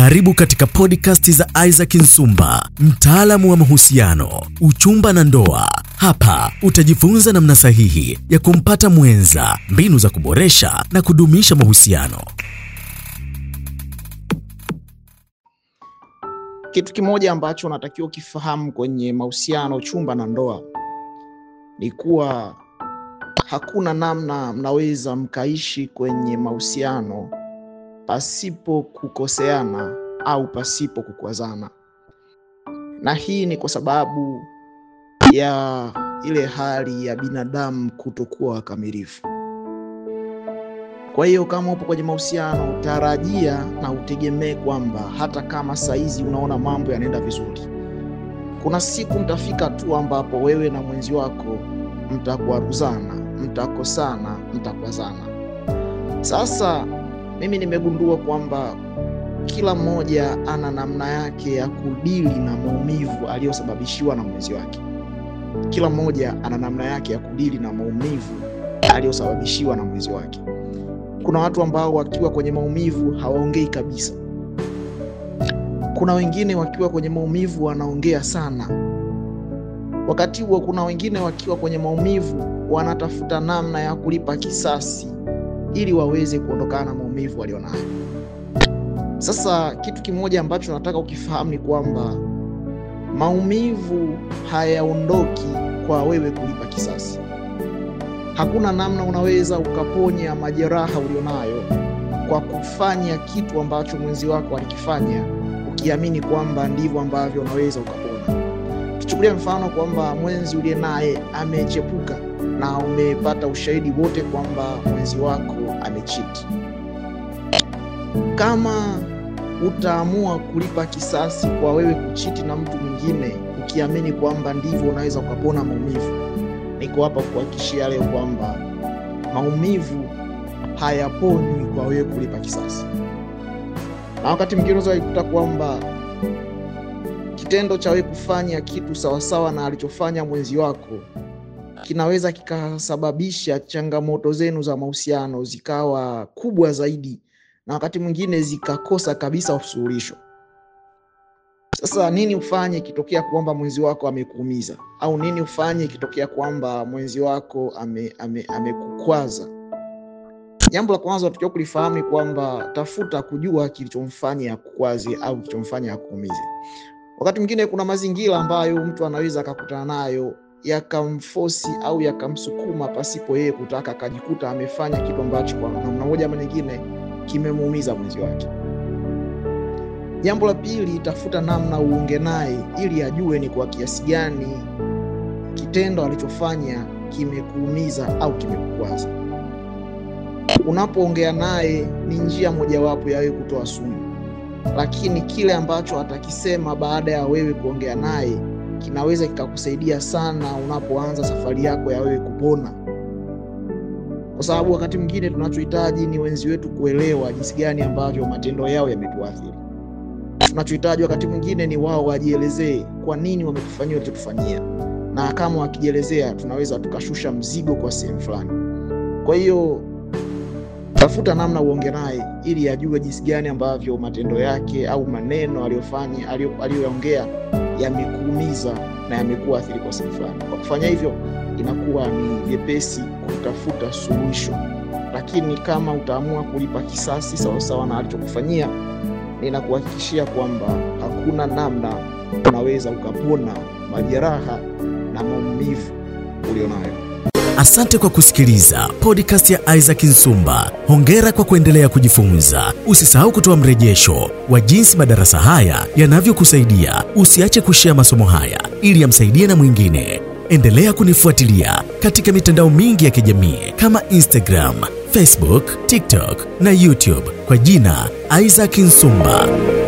Karibu katika podcast za Isaac Nsumba, mtaalamu wa mahusiano, uchumba na ndoa. Hapa utajifunza namna sahihi ya kumpata mwenza, mbinu za kuboresha na kudumisha mahusiano. Kitu kimoja ambacho unatakiwa ukifahamu kwenye mahusiano, uchumba na ndoa ni kuwa hakuna namna mnaweza mkaishi kwenye mahusiano pasipo kukoseana au pasipo kukwazana, na hii ni kwa sababu ya ile hali ya binadamu kutokuwa wakamilifu. Kwa hiyo kama upo kwenye mahusiano, utarajia na utegemee kwamba hata kama saizi unaona mambo yanaenda vizuri, kuna siku mtafika tu ambapo wewe na mwenzi wako mtakuaruzana mtakosana, mtakwazana. Sasa mimi nimegundua kwamba kila mmoja ana namna yake ya kudili na maumivu aliyosababishiwa na mwenzi wake. Kila mmoja ana namna yake ya kudili na maumivu aliyosababishiwa na mwenzi wake. Kuna watu ambao wakiwa kwenye maumivu hawaongei kabisa. Kuna wengine wakiwa kwenye maumivu wanaongea sana. Wakati huo, kuna wengine wakiwa kwenye maumivu wanatafuta namna ya kulipa kisasi ili waweze kuondokana na maumivu walionayo. Sasa kitu kimoja ambacho nataka ukifahamu ni kwamba maumivu hayaondoki kwa wewe kulipa kisasi. Hakuna namna unaweza ukaponya majeraha ulionayo kwa kufanya kitu ambacho mwenzi wako alikifanya ukiamini kwamba ndivyo ambavyo unaweza ukaponya. Tuchukulia mfano kwamba mwenzi uliye naye amechepuka na umepata ushahidi wote kwamba mwenzi wako amechiti. Kama utaamua kulipa kisasi kwa wewe kuchiti na mtu mwingine ukiamini kwamba ndivyo unaweza ukapona maumivu, niko hapa kuhakikishia leo kwamba maumivu hayaponywi kwa wewe kulipa kisasi, na wakati mwingine unaweza kukuta kwamba kitendo cha wewe kufanya kitu sawasawa na alichofanya mwenzi wako kinaweza kikasababisha changamoto zenu za mahusiano zikawa kubwa zaidi, na wakati mwingine zikakosa kabisa usuluhisho. Sasa nini ufanye ikitokea kwamba mwenzi wako amekuumiza, au nini ufanye ikitokea kwamba mwenzi wako amekukwaza? ame, ame jambo la kwanza unatakiwa kulifahamu kwamba tafuta kujua kilichomfanya akukwaze au kilichomfanya akuumize. Wakati mwingine kuna mazingira ambayo mtu anaweza akakutana nayo yakamfosi au yakamsukuma pasipo yeye kutaka, akajikuta amefanya kitu ambacho kwa namna moja ama nyingine kimemuumiza mwenzi wake. Jambo la pili, tafuta namna uonge naye ili ajue ni kwa kiasi gani kitendo alichofanya kimekuumiza au kimekukwaza. Unapoongea naye ni njia mojawapo yawe kutoa sumu lakini kile ambacho atakisema baada ya wewe kuongea naye kinaweza kikakusaidia sana unapoanza safari yako ya wewe kupona, kwa sababu wakati mwingine tunachohitaji ni wenzi wetu kuelewa jinsi gani ambavyo matendo yao yametuathiri. Tunachohitaji wakati mwingine ni wao wajielezee kwa nini wametufanyia walichotufanyia, na kama wakijielezea tunaweza tukashusha mzigo kwa sehemu fulani. Kwa hiyo Tafuta namna uonge naye ili ajue jinsi gani ambavyo matendo yake au maneno aliyofanya aliyoyaongea yamekuumiza na yamekuwa athiri kwa sehemu fulani. Kwa kufanya hivyo, inakuwa ni vyepesi kutafuta suluhisho, lakini kama utaamua kulipa kisasi sawasawa na alichokufanyia, ninakuhakikishia kwamba hakuna namna unaweza ukapona majeraha na maumivu ulionayo. Asante kwa kusikiliza podcast ya Isaac Nsumba. Hongera kwa kuendelea kujifunza. Usisahau kutoa mrejesho wa jinsi madarasa haya yanavyokusaidia. Usiache kushea masomo haya ili yamsaidie na mwingine. Endelea kunifuatilia katika mitandao mingi ya kijamii kama Instagram, Facebook, TikTok na YouTube kwa jina Isaac Nsumba.